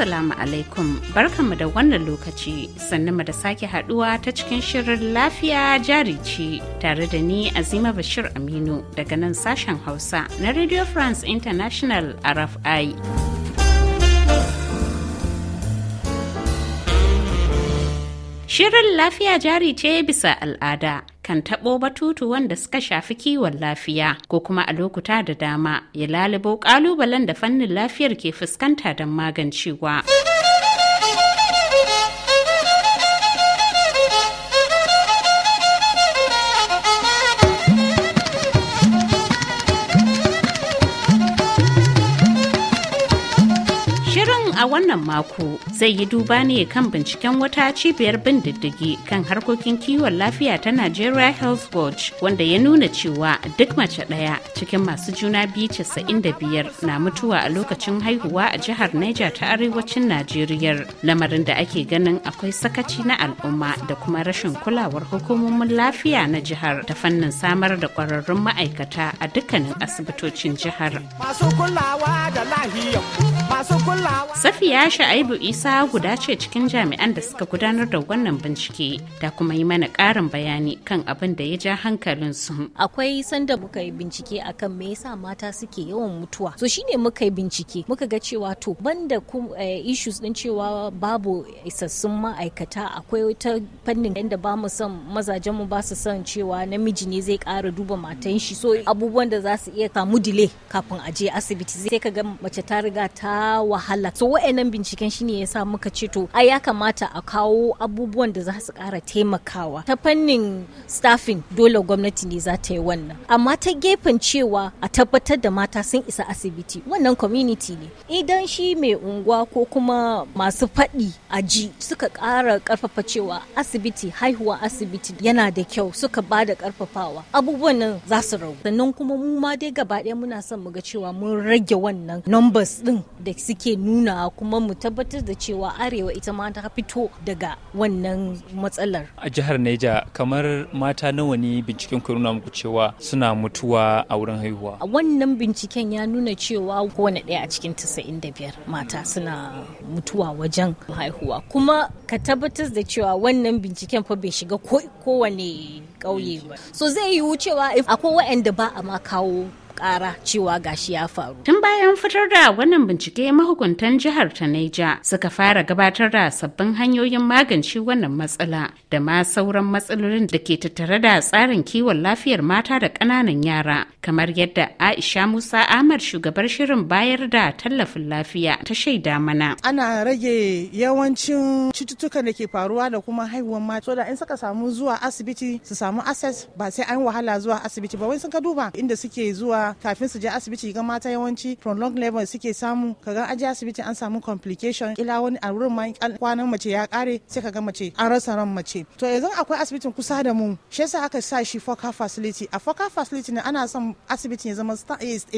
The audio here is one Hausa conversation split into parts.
Assalamu alaikum barkanmu da wannan lokaci sannan da sake haduwa ta cikin shirin lafiya jari ce tare da ni Azima Bashir Aminu daga nan sashen Hausa na Radio France International RFI. Shirin lafiya jari ce bisa al'ada kan taɓo batutu wanda suka shafi kiwon lafiya ko kuma a lokuta da dama ya lalubo ƙalubalen da fannin lafiyar ke fuskanta don magancewa. a wannan mako zai yi duba ne kan binciken wata cibiyar bin diddigi kan harkokin kiwon lafiya ta Nigeria Health Watch wanda ya nuna cewa duk mace ɗaya cikin masu juna biyu casa'in da biyar na mutuwa a lokacin haihuwa a jihar Niger ta arewacin Najeriya lamarin da ake ganin akwai sakaci na al'umma da kuma rashin kulawar hukumomin lafiya na jihar ta fannin samar da ƙwararrun ma'aikata a dukkanin asibitocin jihar. Masu kulawa da lahiyar masu kulawa Safiya Sha'ibu Isa guda ce cikin jami'an da suka gudanar da wannan bincike da kuma yi mana ƙarin bayani kan abin da ya ja hankalin su. Akwai sanda muka yi bincike akan me yasa mata suke yawan mutuwa. So shine muka yi bincike muka ga cewa to banda kum, eh, issues din cewa babu isassun ma'aikata akwai ta fannin yanda ba mu son mazajen mu ba su son cewa namiji ne zai ƙara duba matan shi so abubuwan da za su iya kamu delay kafin a je asibiti sai ka ga mace ta riga ta wahala. So wa'annan binciken shine ya sa muka ce to ai ya kamata a kawo abubuwan da za su kara taimakawa ta fannin staffing dole gwamnati ne za ta yi wannan amma ta gefen cewa a tabbatar da mata sun isa asibiti wannan community ne idan shi mai unguwa ko kuma masu faɗi a ji suka ƙara ƙarfafa cewa asibiti haihuwa asibiti yana da kyau suka ba da ƙarfafawa abubuwan nan za su rau sannan kuma mu ma dai gaba ɗaya muna son mu ga cewa mun rage wannan numbers ɗin da suke nuna kuma mu tabbatar da cewa arewa ita ma ta fito daga wannan matsalar a jihar neja kamar mata nawa ne binciken ku nuna muku cewa suna mutuwa a wurin haihuwa wannan binciken ya nuna cewa kowane ɗaya a cikin 95 mata suna mutuwa wajen haihuwa kuma ka tabbatar da cewa wannan binciken fa bai shiga kowane ƙauye ba so zai yiwu cewa akwai waɗanda ba a ma kawo kara cewa gashi ya faru. Tun bayan fitar da wannan bincike mahukuntan jihar ta Neja suka fara gabatar da sabbin hanyoyin magance wannan matsala da ma sauran matsalolin da ke tattare da tsarin kiwon lafiyar mata da ƙananan yara kamar yadda Aisha Musa Ahmad shugabar shirin bayar da tallafin lafiya ta shaida mana. Ana rage yawancin cututtukan da ke faruwa da kuma haihuwar mata da in suka samu zuwa asibiti su samu access ba sai an wahala zuwa asibiti ba wai sun ka duba inda suke zuwa kafin su je asibiti ga mata yawanci long level suke samu kaga aje asibiti an samu complication ila wani a wurin ma kwanan mace ya kare sai kaga mace an rasa ran mace to yanzu akwai asibitin kusa da mu shi yasa aka sa shi foka facility a foka facility ne ana son asibiti ya zama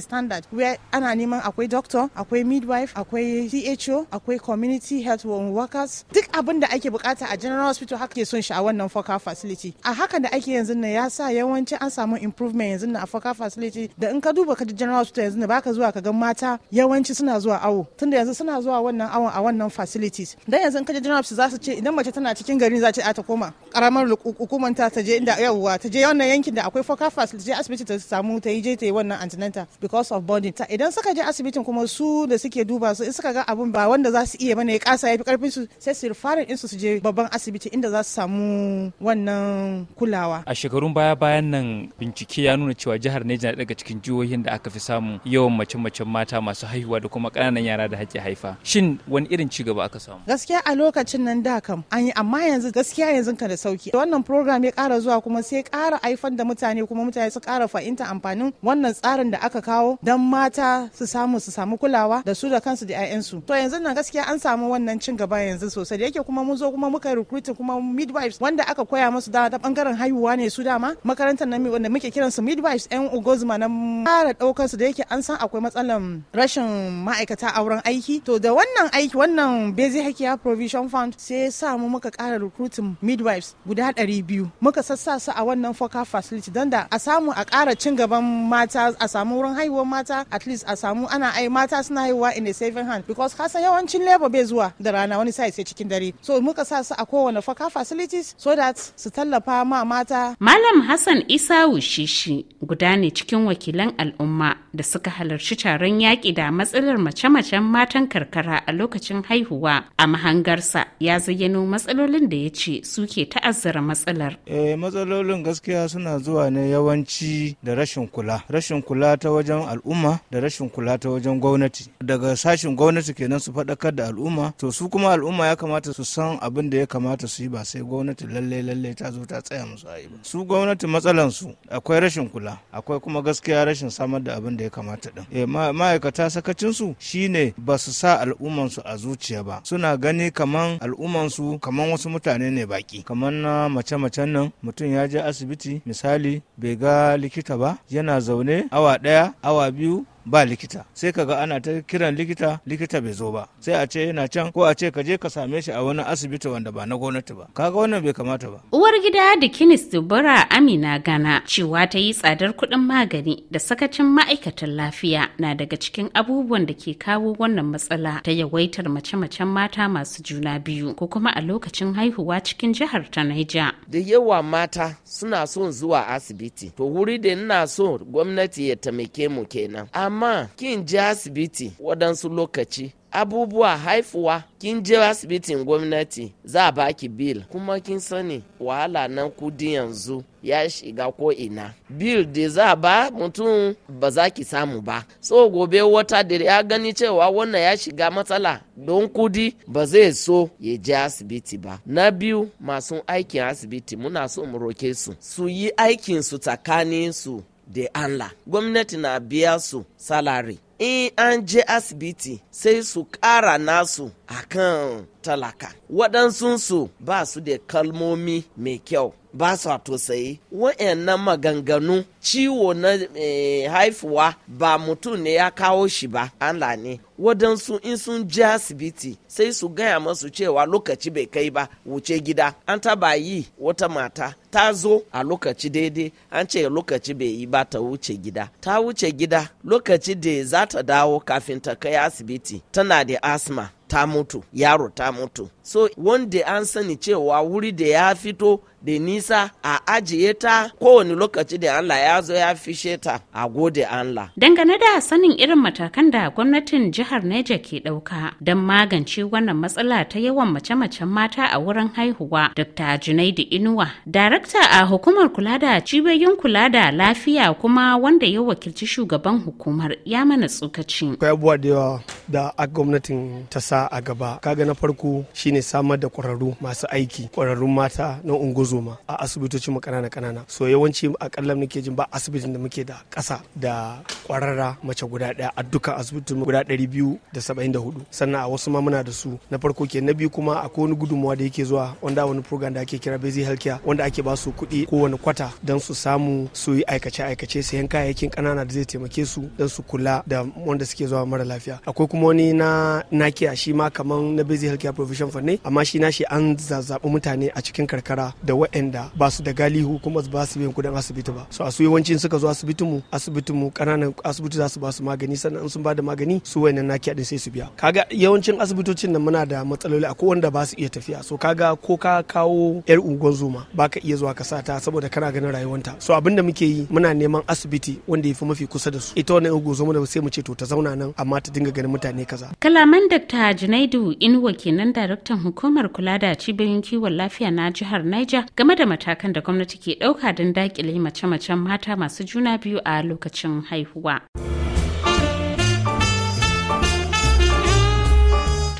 standard where ana neman akwai doctor akwai midwife akwai CHO akwai community health workers duk abin da ake bukata a general hospital haka ke son shi a wannan focal facility a haka da ake yanzu nan ya sa yawanci an samu improvement yanzu nan a focal facility da in ka duba ka general hospital yanzu baka zuwa ka ga mata yawanci suna zuwa awo tunda yanzu suna zuwa wannan awon a wannan facilities dan yanzu in ka general hospital za su ce idan mace tana cikin garin za ta ta koma karamar hukumar ta ta je inda yawwa ta je wannan yankin da akwai focal facility asibiti ta samu samu ta yi je ta yi wannan antinanta because of bonding idan suka je asibitin kuma su da suke duba su in suka ga abun ba wanda za su iya bane ya kasa ya fi karfin su sai su fara in su su je babban asibiti inda za su samu wannan kulawa a shekarun baya bayan nan bincike ya nuna cewa jihar Neja na daga cikin jihohin da aka fi samu yawan mace-macen mata masu haihuwa da kuma ƙananan yara da hake haifa shin wani irin ci gaba aka samu gaskiya a lokacin nan da kam an yi amma yanzu gaskiya yanzu ka da sauki wannan program ya kara zuwa kuma sai ƙara haifar da mutane kuma mutane su ƙara fahimta amfani amfanin wannan tsarin da aka kawo don mata su samu su samu kulawa da su da kansu da 'ya'yansu to yanzu nan gaskiya an samu wannan cin gaba yanzu sosai da yake kuma mun zo kuma muka recruiting kuma midwives wanda aka koya musu da bangaren haihuwa ne su dama makarantar nan wanda muke kiran su midwives yan ugozuma na fara daukar su da yake an san akwai matsalan rashin ma'aikata a wurin aiki to da wannan aiki wannan basic healthcare provision fund sai sa mu muka kara recruiting midwives guda 200 muka sassa su a wannan focal facility don da a samu a kara cin gaban haihuwan mata a samu wurin haihuwan mata at least a samu ana ai mata suna haihuwa in a saving hand because kasa yawancin labor bai zuwa da rana wani sai sai cikin dare so muka sa su a kowane faka facilities so that su tallafa ma mata malam hassan isawu shishi guda ne cikin wakilan al'umma da suka halarci taron yaƙi da matsalar mace-macen matan karkara a lokacin haihuwa a mahangarsa ya zayyano matsalolin da ya ce suke ta'azzara matsalar eh, matsalolin gaskiya suna zuwa ne yawanci da rashin kula rashin kula ta wajen al'umma da rashin kula ta wajen gwamnati daga sashin gwamnati kenan su faɗakar da al'umma to su kuma al'umma ya kamata su san abin da ya kamata su yi ba sai gwamnati lalle lalle ta zo ta tsaya musu ayi ba su gwamnati matsalan su akwai rashin kula akwai kuma gaskiya rashin samar da abin da ya kamata din eh, ma'aikata sakacin su shine ba su sa al'umman su a zuciya ba suna gani kaman al'umman su kaman wasu mutane ne baki kaman na mace-macen nan mutum ya je asibiti misali bai ga likita ba yana zaune awa daya awa biyu ba likita sai kaga ana ta kiran likita likita bai zo ba sai a ce yana can ko a ce ka je ka same shi a wani asibiti wanda ba na gwamnati ba kaga wannan bai kamata ba uwar gida da kinis dubara amina gana cewa ta yi tsadar kuɗin magani da sakacin ma'aikatan lafiya na daga cikin abubuwan da ke kawo wannan matsala ta yawaitar mace-macen mata masu juna biyu ko kuma a lokacin haihuwa cikin jihar ta Naija. Da yawa mata suna son zuwa asibiti to wuri da ina so gwamnati ya taimake mu kenan amma kin je asibiti waɗansu lokaci abubuwa haifuwa kin je asibitin gwamnati za a baki bil kuma kin sani wahala nan kudi yanzu ya shiga ko ina bil da za ba mutum ba za ki samu ba so gobe wata da ya gani cewa wannan ya shiga matsala don kudi ba zai so ya je asibiti ba na biyu masu aikin asibiti muna so mu roke su su yi aikin su tsakanin su da Allah gwamnati na biya su salari in an je asibiti sai su ƙara nasu akan talaka waɗansunsu ba su da kalmomi mai kyau ba su tausayi wa'annan maganganu ciwo na eh, haifuwa ba mutum ne ya kawo shi ba Allah ne wadansu in sun je asibiti sai su gaya masu cewa lokaci bai kai ba wuce gida an taba yi wata mata ta zo a lokaci daidai an ce lokaci bai yi ba ta wuce gida ta wuce gida lokaci da za ta dawo kafin ta kai asibiti tana da asma ta mutu yaro ta mutu so wanda an sani cewa wuri da ya fito da nisa a ajiye ta kowane lokaci da Allah ya zo ya fishe ta a gode Allah. Dangane da sanin irin matakan da gwamnatin jihar jihar Neja ke ɗauka don magance wannan matsala ta yawan mace-macen mata a wurin haihuwa. Dr. Junaidu Inuwa, darakta a hukumar kula da cibiyoyin kula da lafiya kuma wanda ya wakilci shugaban hukumar ya mana tsokaci. Akwai abubuwa da yawa da a gwamnatin ta sa a gaba. Kaga na farko shine samar da kwararru masu aiki, kwararrun mata na unguzoma a asibitoci kanana-kanana. So yawanci akalla ke jin ba asibitin da muke da ƙasa da ƙwarara mace guda ɗaya a dukkan asibitin guda ɗari biyu biyu da da hudu sannan a wasu ma muna da su na farko ke na biyu kuma akwai wani gudunmawa da yake zuwa wanda wani program da ake kira bezi healthcare wanda ake ba su kuɗi kowane kwata don su samu su yi aikace aikace sayan kayayyakin ƙanana da zai taimake su don su kula da wanda suke zuwa mara lafiya akwai kuma wani na nakiya shi ma kamar na bezi healthcare provision fund ne amma shi na shi an zazzaɓi mutane a cikin karkara da waɗanda ba su da galihu kuma ba su biyan kuɗin asibiti ba so a su yawancin suka zo asibitinmu asibitinmu ƙananan asibiti za su ba su magani sannan sun ba da magani su wayannan na kiya sai su biya kaga yawancin asibitocin nan muna da matsaloli akwai wanda ba su iya tafiya so kaga ko ka kawo yar unguwar zuma ba ka iya zuwa ka sa ta saboda kana ganin rayuwanta so abin da muke yi muna neman asibiti wanda ya fi mafi kusa da su ita wannan unguwar zuma da sai mu ce to ta zauna nan amma ta dinga ganin mutane kaza kalaman dr junaidu inuwa kenan daraktan hukumar kula da cibiyoyin kiwon lafiya na jihar niger game da matakan da gwamnati ke dauka don dakile mace-macen mata masu juna biyu a lokacin haihuwa.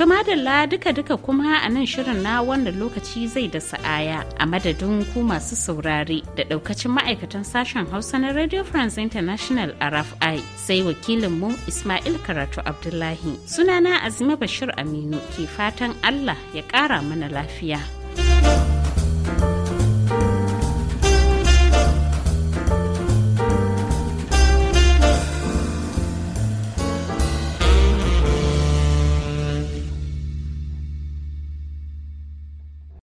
To madalla duka-duka kuma a nan shirin na wannan lokaci zai da sa'aya a madadin ku masu saurare da daukacin ma'aikatan sashen Hausa na Radio France International RFI sai wakilinmu Ismail Karatu Abdullahi. Sunana Azima Bashir Aminu ke fatan Allah ya ƙara mana lafiya.